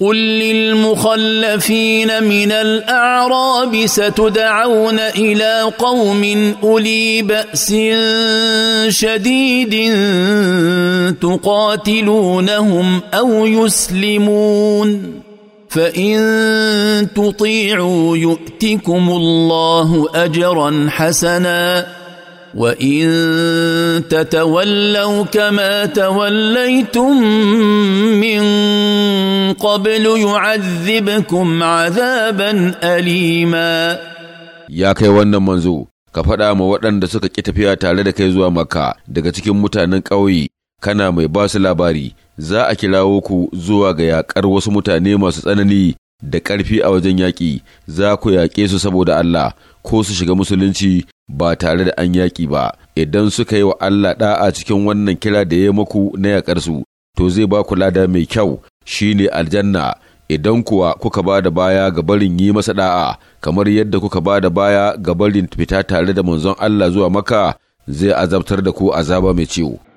قل للمخلفين من الاعراب ستدعون الى قوم اولي باس شديد تقاتلونهم او يسلمون فان تطيعوا يؤتكم الله اجرا حسنا وان تتولوا كما توليتم من قبل يعذبكم عذابا أليما يا kai wannan manzo ka faɗa ma waɗanda suka ƙi tafiya tare da kai zuwa Makka daga cikin mutanen ƙauye kana mai ba su labari za a kirawo ku zuwa ga yaƙar wasu mutane masu tsanani da ƙarfi a wajen yaƙi za ku yaƙe su saboda Allah ko su shiga musulunci ba tare da an yaƙi ba idan suka yi wa Allah ɗa'a cikin wannan kira da ya maku na yaƙarsu to zai ba ku lada mai kyau shi ne aljanna idan kuwa kuka ba da baya ga barin yi masa da'a kamar yadda kuka ba da baya ga barin fita tare da manzon Allah zuwa maka zai azabtar da ku azaba mai ciwo.